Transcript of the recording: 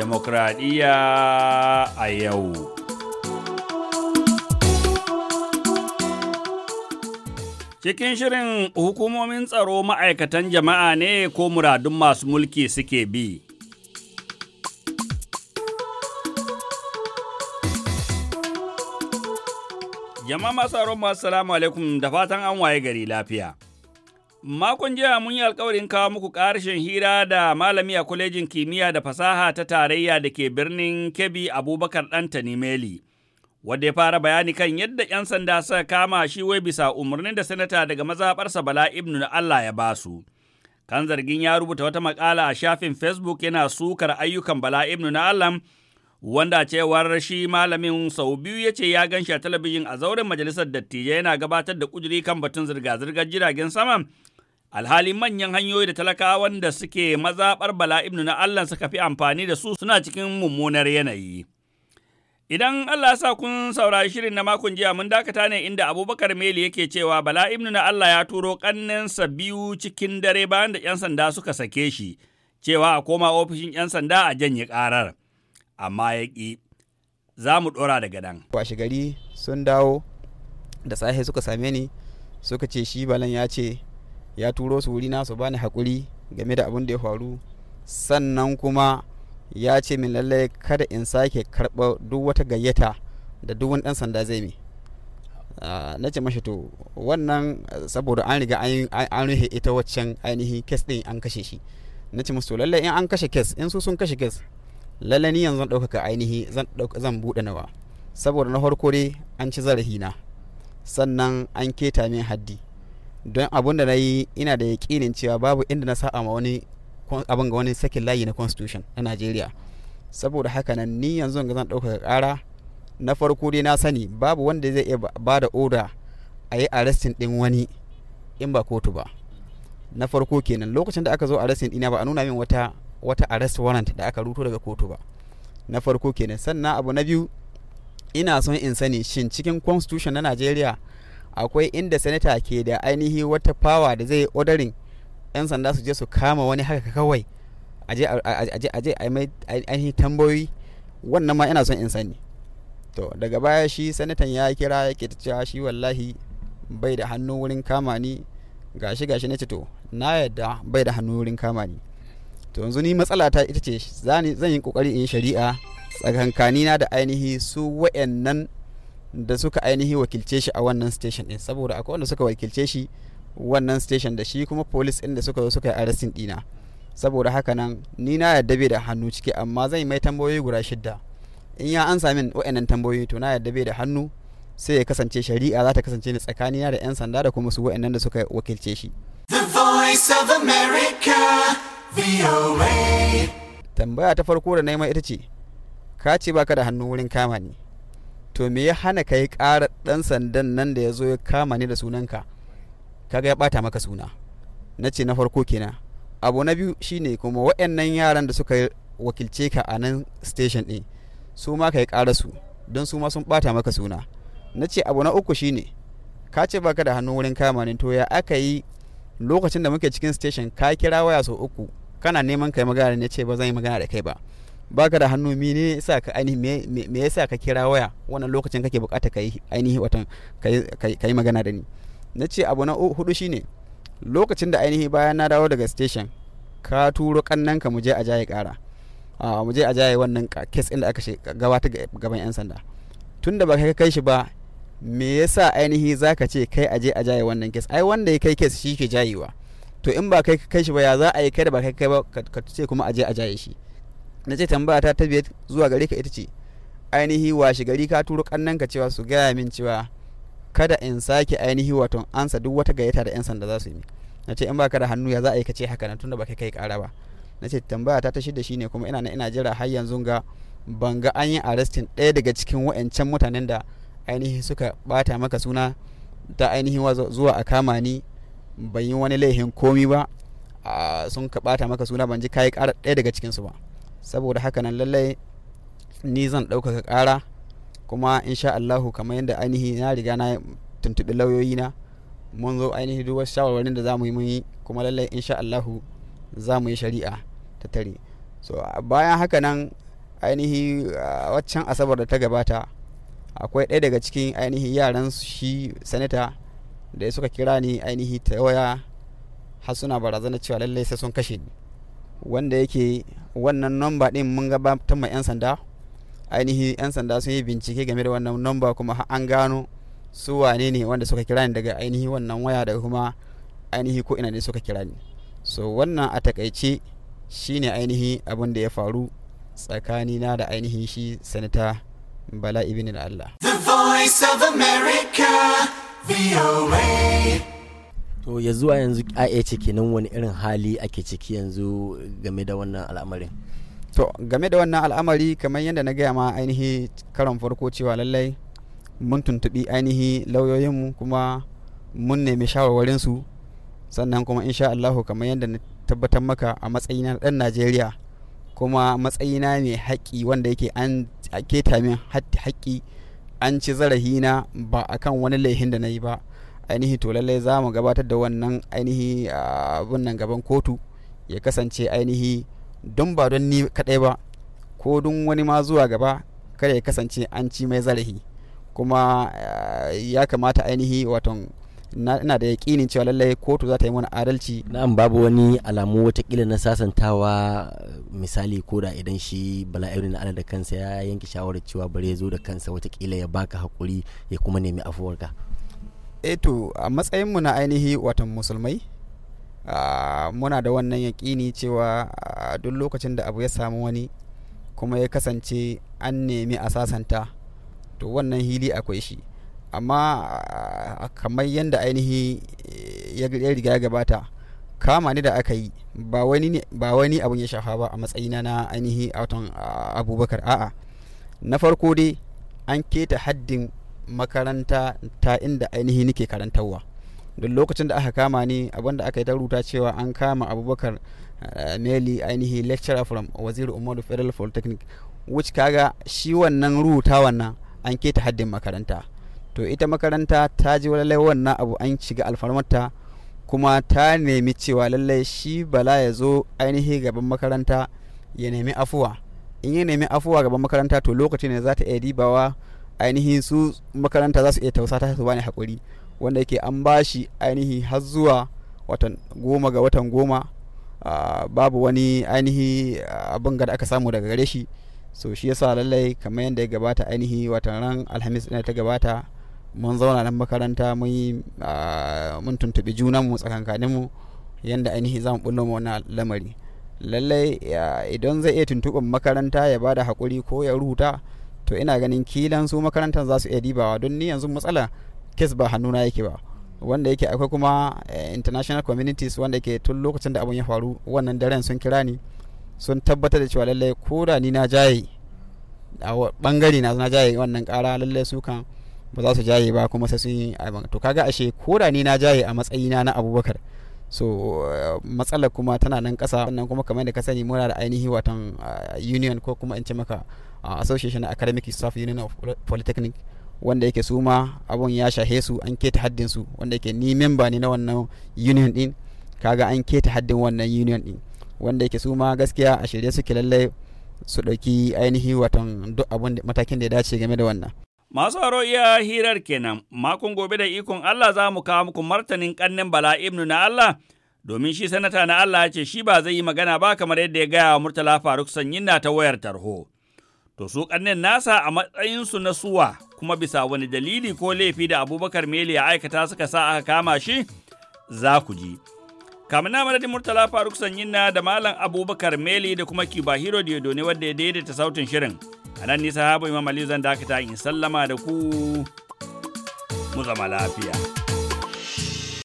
demokradiyya a yau. Cikin shirin hukumomin tsaro ma'aikatan jama'a ne ko muradun masu mulki suke bi. Jama'a masu tsaron masu salamu alaikum da fatan an waye gari lafiya. Makon jiya mun yi alkawarin kawo muku ƙarshen hira da malami a kwalejin kimiyya da fasaha ta tarayya da ke birnin Kebbi Abubakar Ɗantani Meli. Wadda ya fara bayani kan yadda 'yan sanda suka kama shi wai bisa umarnin da sanata daga mazaɓarsa Bala Ibnu na Allah ya basu. Kan zargin ya rubuta wata makala a shafin Facebook yana sukar ayyukan Bala Ibnu na Allah wanda cewar shi malamin sau biyu ya ce ya gan shi a talabijin a zauren majalisar dattijai yana gabatar da kujeri kan batun zirga-zirgar jiragen sama alhali manyan hanyoyi da talakawan wanda suke mazaɓar Bala ibnu na Allah suka fi amfani da su suna cikin mummunar yanayi. Idan Allah sa kun saurari shirin na makon jiya mun dakata ne inda Abubakar Meli yake cewa Bala ibnu na Allah ya turo ƙannensa biyu cikin dare bayan da ‘yan sanda suka sake shi, cewa a koma ofishin ‘yan sanda a janye ƙarar, amma ya ƙi. Za mu ɗora daga nan. Washe gari sun dawo da sahe suka same ni suka ce shi balan ya ce ya turo su wuri nasu su bani haƙuri game da abin da ya faru sannan kuma ya ce min lallai kada in sake karɓa duk wata gayyata da duk wani ɗan sanda zai mi ah, na ce mashi to wannan saboda an riga an rufe ita waccan ainihin kes ɗin an kashe shi na ce musu lallai in an kashe kes in su sun kashe kes lallai ni yanzu zan ɗaukaka ainihi zan buɗe nawa saboda na farko dai an ci zarafi na sannan an keta min haddi don abun da na yi ina da yaƙinin cewa babu inda na sa'a ma wani abin ga wani sakin layi na constitution na najeriya saboda haka nan ni yanzu ga zan ɗaukaka ƙara na farko dai na sani babu wanda zai iya ba da oda a yi arrestin ɗin wani in ba kotu ba na farko kenan lokacin da aka zo arrestin ɗina ba a nuna min wata wata arrest warrant da aka ruto daga kotu ba na farko kenan sannan abu na biyu ina son in sani shin cikin constitution na najeriya akwai inda sanata ke da ainihi wata fawa da zai odarin yan sanda su je su kama wani haka kawai aje a mai ainihin tambayoyi wannan ma yana son in sani to daga baya shi sanatan ya kira ya ke shi wallahi bai da hannu wurin kama ni gashi gashi na to na yadda bai da hannu wurin kama ni to yanzu ni matsala ta ita ce zan yi kokari in shari'a tsakankanina da ainihi su wayannan. da suka ainihi wakilce shi a wannan station din saboda akwai wanda suka wakilce shi wannan station da shi kuma police din da suka zo suka yi arrestin dina saboda haka nan ni na yadda bai da hannu ciki amma zan yi mai tambayoyi guda shidda in ya ansa min wa'annan tambayoyi to na yadda bai da hannu sai ya kasance shari'a za ta kasance ne tsakanina da 'yan sanda da kuma su wa'annan da suka wakilce shi tambaya ta farko da na yi ma ita ce ka ce baka da hannu wurin kama ni to me ya hana ka yi ƙara ɗan sandan nan da ya zo ya kama ni da sunanka kaga ya ɓata maka suna na ce na farko kenan abu na biyu shine kuma waɗannan yaran da suka wakilce ka a nan station ɗin su ma ka yi ƙara su don su ma sun ɓata maka suna na ce abu na uku shine ka ce baka da hannu wurin kama ni to ya aka yi lokacin da muke cikin station ka kira waya sau uku kana neman kai magana ne ce ba zan yi magana da kai ba baka da hannu ne sa ka ainihi me yasa ka kira waya wannan lokacin kake bukata ka yi ainihi watan ka yi magana da ni na ce abu na hudu shine lokacin da ainihi bayan na dawo daga station ka turo kannan ka muje a jaye kara mu je a jaye wannan kes inda aka gabata gaban yan sanda tun da ba ka kai shi ba me yasa ainihi zaka ce kai aje a jaye wannan kes ai wanda ya kai kes shi ke jayewa to in ba kai kai shi ba ya za a yi kai da ba kai kai ba ka ce kuma aje a jaye shi na ce tambaya ta ta zuwa gare ka ita ce ainihi washe gari ka turo ka cewa su gaya min cewa kada in sake ainihi wato ansa duk wata gayyata da 'yan sanda za su yi na ce in baka da hannu ya za a yi kace haka nan tunda baka kai kara ba na ce tambaya ta ta shida shine kuma ina na ina jira har yanzu ga ban ga an yi arrestin ɗaya daga cikin wa'ancan mutanen da ainihi suka bata maka suna ta ainihi zuwa a kama ni ban yi wani laifin komi ba sun ka bata maka suna ban ji kayi kara ɗaya daga cikinsu ba saboda haka nan lallai ni zan ɗaukaka ƙara kuma insha Allahu kamar yadda ainihi na riga na tuntuɓi lauyoyi na mun zo ainihi duk wasu shawarwarin da za mu yi mun yi kuma lallai insha Allahu za mu yi shari'a ta tare so bayan haka nan ainihi waccan asabar da ta gabata akwai ɗaya daga cikin ainihi yaran shi sanata da suka kira ni ainihi ta waya har suna barazana cewa lallai sai sun kashe ni wanda yake wannan nomba din mun gabatar ma 'yan sanda ainihi 'yan sanda sun yi bincike game da wannan nomba kuma ha an gano su wane ne wanda suka kira ni daga ainihi wannan waya daga kuma ainihi ko ina ne suka kira ni so wannan a takaice shi ne ainihi abin da ya faru tsakanina da ainihi shi sanata bala ibn Allah. The Voice of America, VOA. to ya zuwa yanzu a ciki wani irin hali ake ciki yanzu game da wannan al'amarin to game da wannan al'amari kamar yadda na gaya ma ainihi karan farko cewa lallai mun tuntubi ainihi lauyoyinmu kuma mun nemi shawarwarinsu sannan kuma insha Allahu kamar yadda na tabbatar maka a matsayina ɗan Najeriya kuma matsayi na mai haƙƙi wanda yake an keta min haƙƙi an ci zarahina ba akan wani laihin da na yi ba ainihi to lallai za mu gabatar da wannan ainihi abin nan gaban kotu ya kasance ainihi don ba don ni kaɗai ba ko don wani ma zuwa gaba kada ya kasance an ci mai zarafi kuma ya kamata ainihi waton ina da yaƙinin cewa lallai kotu za ta yi mana adalci na'am babu wani alamu watakila na sasantawa misali ko da idan shi bala'iru na ala da kansa ya yanke shawarar cewa bare zo da kansa watakila ya baka hakuri ya kuma nemi afuwarka eto eh a matsayinmu na ainihi watan musulmai muna da wannan yaƙini cewa duk lokacin da abu ya samu wani kuma ya kasance an nemi a sasanta to wannan hili akwai shi amma kamar yadda ainihi ya riga gabata kama ni da aka yi ba wani abun ya shafa ba a matsayina na ainihi a watan abubakar a'a na farko dai an keta haddin makaranta ta inda ainihi nake karantarwa duk lokacin da aka kama ni abinda aka yi ta rubuta cewa an kama abubakar eh, meli ainihi lecturer from waziri umar federal polytechnic which kaga shi wannan rubuta wannan an keta haddin makaranta to ita makaranta ta ji lallai wannan abu an shiga alfarmarta kuma ta nemi cewa lallai shi bala ya zo ainihi gaban makaranta ya nemi afuwa in ya nemi afuwa gaban makaranta to lokaci ne za ta iya dibawa ainihin su makaranta za su iya tausata su bani hakuri wanda yake an ba shi ainihi har zuwa watan goma ga watan goma babu wani ainihi abin da aka samu daga gare shi so shi yasa lallai kamar yadda ya gabata ainihi watan ran alhamis ɗin ta gabata mun zauna nan makaranta mun tuntuɓi junanmu tsakankaninmu yadda ainihi za mu ɓullo wannan lamari lallai idan zai iya tuntuɓin makaranta ya bada hakuri ko ya rubuta to ina ganin kilan su makarantar za su iya dibawa don ni yanzu matsala kes ba hannuna yake ba wanda yake akwai kuma eh, international communities wanda yake tun lokacin da abun ya faru wannan daren sun kira ni sun tabbatar da cewa lallai ko da ni na jaye a bangare na na jaye wannan kara lallai su kan ba za su jaye ba kuma sai sun yi to kaga ashe ko da ni na jaye a matsayina na abubakar so eh, matsalar kuma tana nan kasa wannan kuma kamar da ka sani muna da ainihi watan eh, union ko kuma in ce maka uh, association academic staff union of polytechnic wanda yake su ma abun ya shahe su an keta haddin su wanda yake ni memba ne na wannan union din kaga an keta haddin wannan union din wanda yake su ma gaskiya a shirye suke lallai su dauki ainihi watan duk abun matakin da ya dace game da wannan Masu haro iya hirar kenan, makon gobe da ikon Allah za mu kawo muku martanin kannen Bala Ibnu na Allah, domin shi sanata na Allah ce shi ba zai yi magana ba kamar yadda ya gaya wa Murtala Faruk Sanyin na ta wayar tarho. To su ƙannen nasa a matsayinsu na suwa kuma bisa wani dalili ko laifi da abubakar meli ya aikata suka sa aka kama shi za ku ji. Kamin na madadin Murtala Faruk Sanyinna da Malam Abubakar Meli da kuma Kiba Hiro Diodo ne wadda ya daidaita sautin shirin. A nan nisa habu Imam Ali zan dakata in sallama da ku mu zama lafiya.